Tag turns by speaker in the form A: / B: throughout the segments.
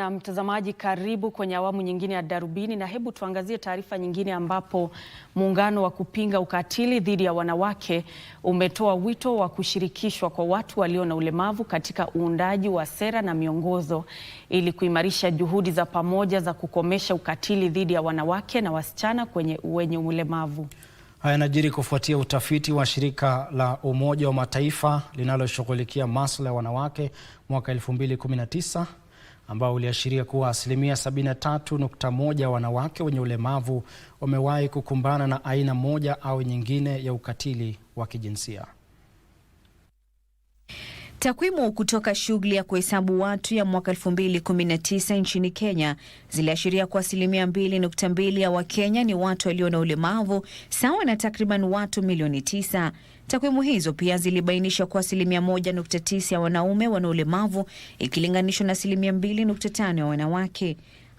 A: Na mtazamaji, karibu kwenye awamu nyingine ya Darubini, na hebu tuangazie taarifa nyingine ambapo muungano wa kupinga ukatili dhidi ya wanawake umetoa wito wa kushirikishwa kwa watu walio na ulemavu katika uundaji wa sera na miongozo ili kuimarisha juhudi za pamoja za kukomesha ukatili dhidi ya wanawake na wasichana kwenye wenye ulemavu.
B: Haya yanajiri kufuatia utafiti wa shirika la Umoja wa Mataifa linaloshughulikia masuala ya wanawake mwaka 2019 ambao uliashiria kuwa asilimia 73.1 wanawake wenye ulemavu wamewahi kukumbana na aina moja au nyingine ya ukatili wa kijinsia.
A: Takwimu kutoka shughuli ya kuhesabu watu ya mwaka 2019 nchini Kenya ziliashiria kuwa asilimia 2.2 ya Wakenya ni watu walio na ulemavu sawa na takriban watu milioni 9. Takwimu hizo pia zilibainisha kuwa asilimia 1.9 ya wanaume wana ulemavu ikilinganishwa na asilimia 2.5 ya wanawake.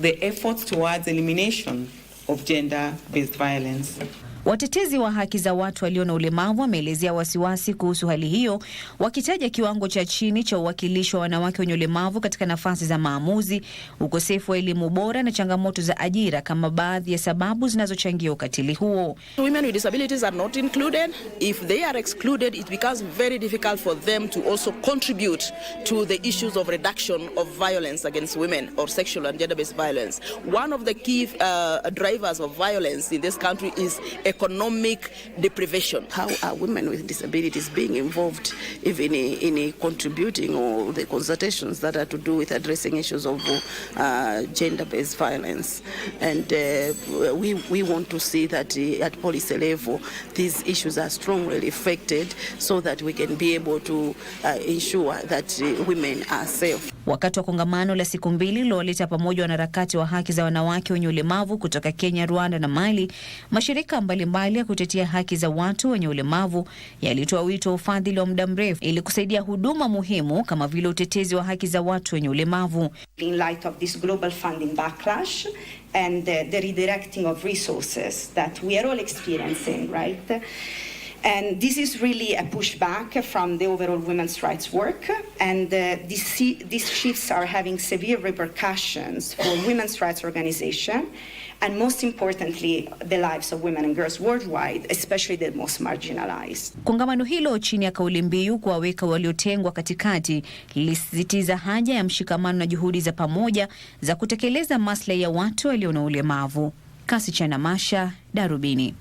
C: the efforts towards elimination of gender-based violence.
A: Watetezi wa haki za watu walio na ulemavu wameelezea wasiwasi kuhusu hali hiyo, wakitaja kiwango cha chini cha uwakilishi wa wanawake wenye ulemavu katika nafasi za maamuzi, ukosefu wa elimu bora na changamoto za ajira kama baadhi ya sababu zinazochangia ukatili huo.
D: One of the key, uh, drivers of violence in this country is a economic deprivation.
E: How are women with disabilities being involved even in, in contributing or the consultations that are to do with addressing issues of uh, gender-based violence? And uh, we, we want to see that uh, at policy level these issues are strongly reflected so that we can be able to uh, ensure that uh, women are safe.
A: wakati wa kongamano la siku mbili lililowaleta pamoja wanaharakati wa haki za wanawake wenye ulemavu kutoka Kenya, Rwanda na Mali. Mashirika mbalimbali ya kutetea haki za watu wenye ulemavu yalitoa wito wa ufadhili wa muda mrefu ili kusaidia huduma muhimu kama vile utetezi wa haki za watu wenye ulemavu.
F: And this is really a pushback from the overall women's rights work. And uh, these, these shifts are having severe repercussions for women's rights organizations, and most importantly, the lives of women and girls worldwide, especially the most marginalized.
A: Kongamano hilo chini ya kauli mbiu kuwaweka waliotengwa katikati lilisisitiza haja ya mshikamano na juhudi za pamoja za kutekeleza maslahi ya watu walio na ulemavu. Kasichana Masha, Darubini.